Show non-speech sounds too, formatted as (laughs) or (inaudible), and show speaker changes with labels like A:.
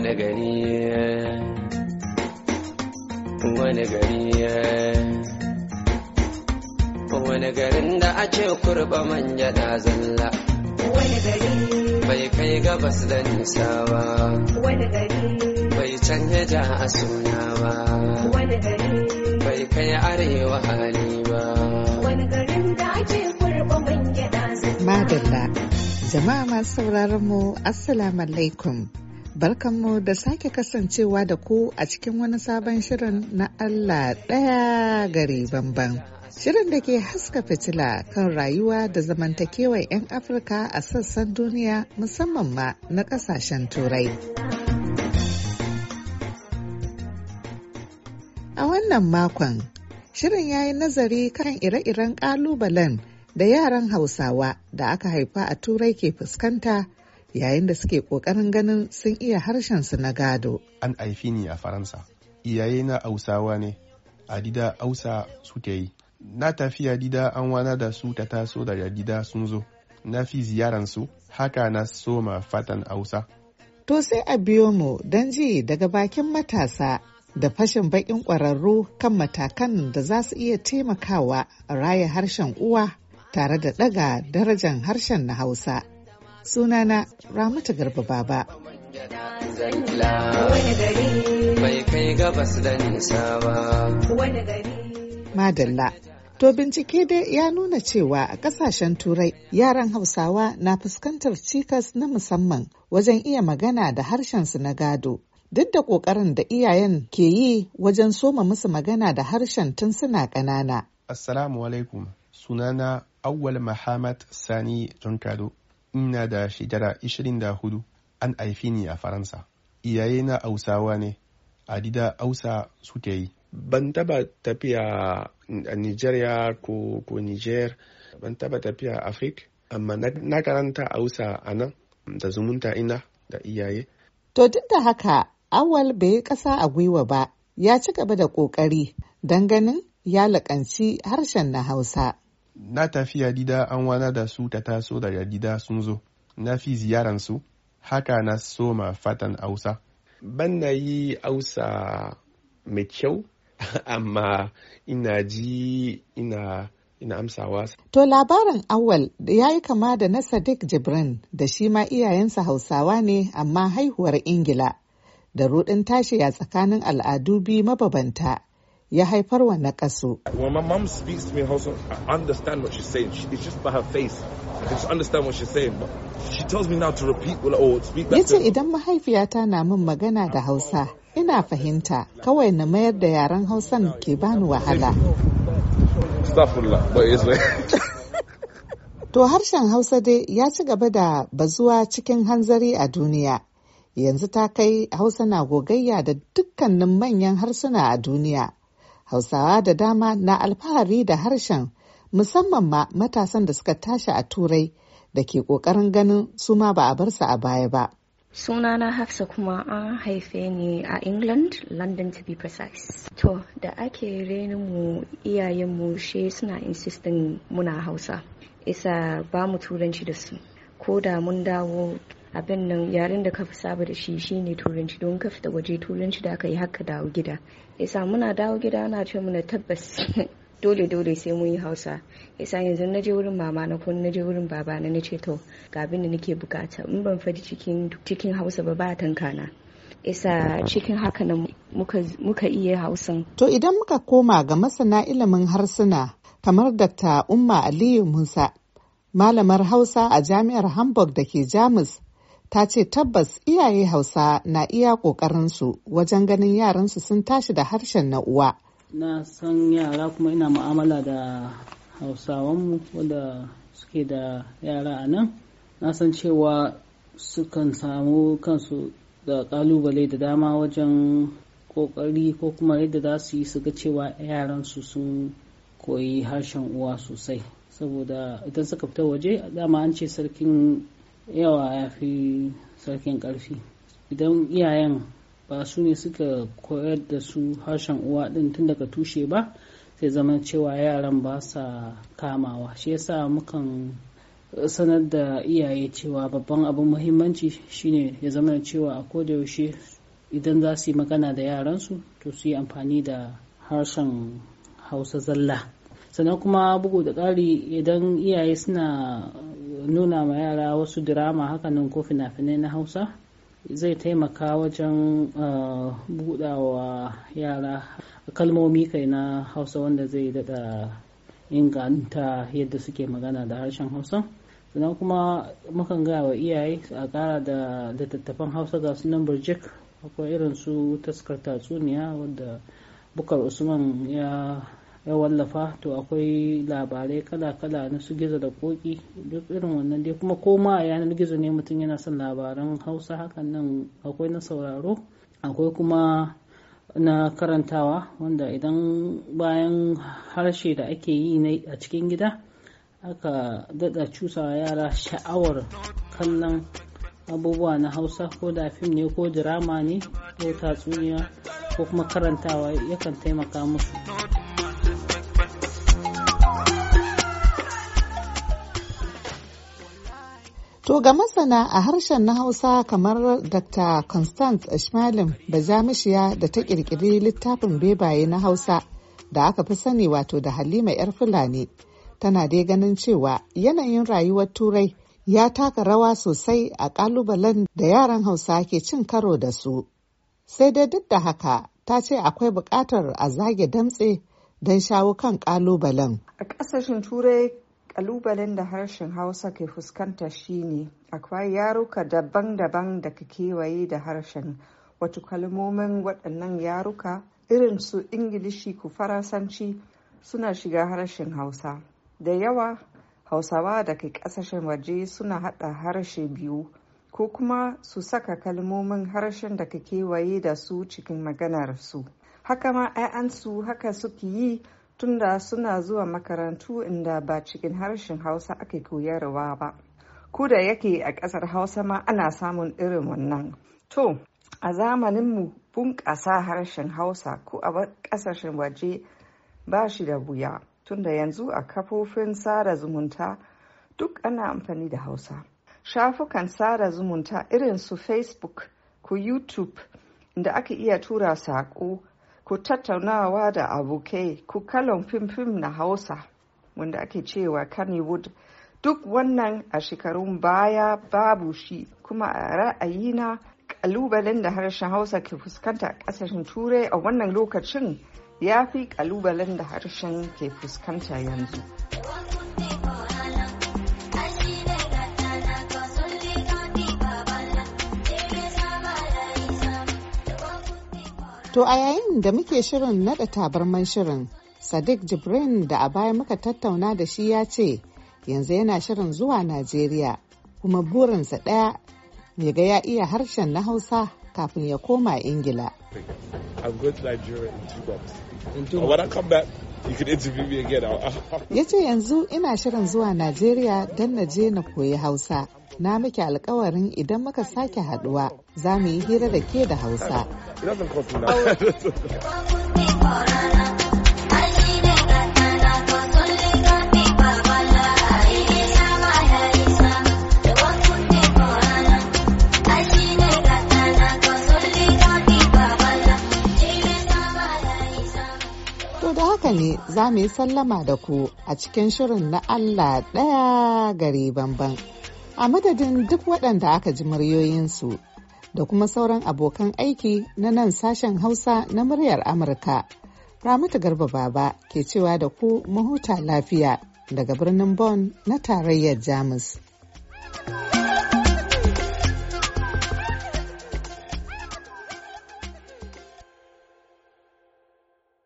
A: wani gari wani gari wani garin da ake kurba manya da zalla
B: wani gari
A: bai kai gabas da nisa ba
B: wani gari
A: bai canja ja a suna ba wani gari bai kai arewa hali ba wani
C: garin da ake kurba manya da zalla madalla jama'a masu sauraron mu assalamu alaikum Barkanmu da sake kasancewa da ku a cikin wani sabon shirin na Allah ɗaya gari bamban. Shirin da ke haska fitila kan rayuwa da zamantakewar 'yan Afirka a sassan duniya musamman ma na ƙasashen Turai. A wannan makon, shirin ya yi nazari kan ire-iren ƙalubalen da yaran Hausawa da aka haifa a Turai ke fuskanta. yayin da suke ƙoƙarin ganin sun iya harshen su na gado.
A: An haifi ni a Faransa, iyaye na Hausawa ne, a dida Hausa ta yi. Na tafiya dida an wana da su ta taso daga dida sun zo, na fi ziyaran su, haka na soma fatan Hausa. To sai a biyo mu don
C: ji daga bakin matasa da fashin bakin ƙwararru kan matakan da za su iya taimakawa raya harshen uwa tare da ɗaga darajar harshen na Hausa. Sunana Ramata Garba Baba. Madalla. To bincike dai ya nuna cewa a kasashen turai yaran hausawa na fuskantar cikas na musamman wajen iya magana da harshen su na gado. Duk da ƙoƙarin da iyayen ke yi wajen soma musu magana da harshen tun suna
A: ƙanana. Assalamu alaikum sunana Awwal Muhammad Sani tunkado ina da shekara hudu an haifi ni a faransa iyaye na hausawa ne a dida hausa suke yi ban taba tafiya a nigeria ko, ko niger ban taba tafiya a afirka amma na karanta hausa a nan da zumunta ina da iyaye to duk da haka
C: awal bai yi ƙasa a gwiwa ba ya ci gaba da ƙoƙari don ganin ya laƙanci harshen na hausa
A: na tafiya gida an wana da su ta taso daga gida sun zo na fi ziyaransu haka na soma fatan hausa ban yi hausa mai kyau (laughs) amma ina ji ina ina amsawa.
C: To labarin awal ya yi kama da na Sadiq Jibrin da shi ma iyayensa Hausawa ne amma haihuwar Ingila da rudin tashi a tsakanin al'adu biyu mababanta ya haifar wa na kaso. Yace idan mahaifiyata na min magana da Hausa, ina fahimta. Kawai na mayar da yaren Hausan ke bani wahala.
B: (laughs)
C: To harshen Hausa dai ya ci gaba da bazuwa cikin hanzari a duniya. Yanzu ta kai Hausa na gogayya da dukkanin manyan harsuna a duniya. Hausawa da dama na alfahari da harshen musamman ma matasan da suka tashi a turai da ke ƙoƙarin ganin su ma ba a bar su a baya ba.
B: sunana hafsa kuma an haife ni a england london to be precise to da ake renin mu iyayenmu she suna insistin muna hausa isa ba mu turanci da su ko da mun dawo abin nan yaren da ka fi saba da shi shine turanci don ka fita waje turanci da aka yi haka dawo gida yasa muna dawo gida na ce muna tabbas (laughs) dole dole sai mun yi hausa yasa yanzu na je wurin mama na ko na je wurin baba na na ce to ga abin da nake bukata in ban fadi cikin cikin hausa ba ba tankana isa
C: cikin haka nan muka, iya hausan. To idan muka koma ga masana ilimin harsuna kamar Dr. Umma Aliyu Musa, malamar Hausa a Jami'ar Hamburg da ke Jamus ta ce tabbas iyaye hausa na iya ƙoƙarinsu wajen ganin yaransu sun tashi da harshen na uwa.
D: Na san yara kuma ina mu'amala da hausawanmu wanda suke da yara a nan. Na san cewa sukan samu kansu da ƙalubale da dama wajen ƙoƙari ko kuma yadda za su yi su ga cewa yaransu sun koyi harshen uwa sosai. Saboda idan suka fita waje dama an ce sarkin yawa ya fi sarkin ƙarfi idan iyayen ba su ne suka koyar da su harshen uwa ɗin tun daga tushe ba sai zama cewa yaran ba sa kamawa shi yasa mukan sanar da iyaye cewa babban abin muhimmanci shine ya zama cewa a kodayaushe idan za su yi magana da yaran su to su yi amfani da harshen hausa zalla sannan kuma bugu da ƙari idan iyaye suna nuna ma yara wasu dirama hakanan ko fina-finai na hausa zai taimaka wajen uh, budawa yara kalmomi kai na hausa wanda zai dada inganta yadda suke magana da harshen hausa sannan kuma mukan gaya wa iyaye a ƙara da littattafan hausa ga su sunan burjik akwai irin su taskar tatsuniya wadda bukar usman ya ya wallafa to akwai labarai kala-kala na su gizo da koki duk irin wannan dai kuma koma a yanar gizo ne mutum yana son labaran hausa hakan nan akwai na sauraro akwai kuma na karantawa wanda idan bayan harshe da ake yi a cikin gida aka dada cusawa yara sha'awar kallon abubuwa na hausa ko da fim ne ko dirama ne ko tatsuniya ko kuma karantawa yakan taimaka musu
C: To ga masana a harshen na Hausa kamar Dr. Constance Ishmailin Bajamishiya da ta ƙirƙiri littafin bebaye na Hausa da aka fi sani wato da Halima 'yar Fulani. Tana dai ganin cewa yanayin rayuwar Turai ya taka rawa sosai a ƙalubalen da yaran Hausa ke cin karo da su. Sai dai duk da haka ta ce akwai buƙatar a zage damtse don shawo kan ƙalubalen. A
B: ƙasashen Turai kalubalen da harshen hausa ke fuskanta shine akwai yaruka daban-daban da ka kewaye da harshen wato kalmomin waɗannan yaruka irin su ingilishi ko faransanci suna shiga harshen hausa da yawa hausawa da ke ƙasashen waje suna haɗa harshe biyu ko kuma su saka kalmomin harshen da ka kewaye da su cikin maganar su haka ma 'ya'yansu haka suke yi tunda suna zuwa makarantu inda ba cikin harshen hausa ake koyarwa ba ko da yake a ƙasar hausa ma ana samun irin wannan to a zamaninmu bunƙasa harshen hausa ko a ƙasashen waje ba shi da wuya tunda yanzu a kafofin sada zumunta duk ana amfani da hausa shafukan sada zumunta irin su facebook ko youtube inda aka iya tura saƙo ku tattaunawa da abokai ku kalon fim-fim na hausa wanda ake cewa kannywood duk wannan a shekarun baya babu shi kuma a na kalubalen da harshen hausa ke fuskanta a kasashen turai a wannan lokacin ya fi kalubalen da harshen ke fuskanta yanzu.
C: To a yayin da muke shirin naɗa tabarman shirin, Sadiq Jibrin da a baya muka tattauna da shi ya ce yanzu yana shirin zuwa Najeriya kuma burinsa ɗaya ya ga ya iya harshen na Hausa kafin ya koma Ingila. Ya ce yanzu ina shirin zuwa Najeriya don na je na koyi Hausa. Na miki alkawarin idan muka sake haduwa za mu yi hira da ke da Hausa. (laughs) ne za mu yi sallama da ku a cikin shirin na Allah ɗaya gari banban. A madadin duk waɗanda aka ji muryoyinsu da kuma sauran abokan aiki na nan sashen Hausa na muryar Amurka. Ramatu Garba Baba ke cewa da ku mahuta lafiya daga birnin Bonn na tarayyar Jamus.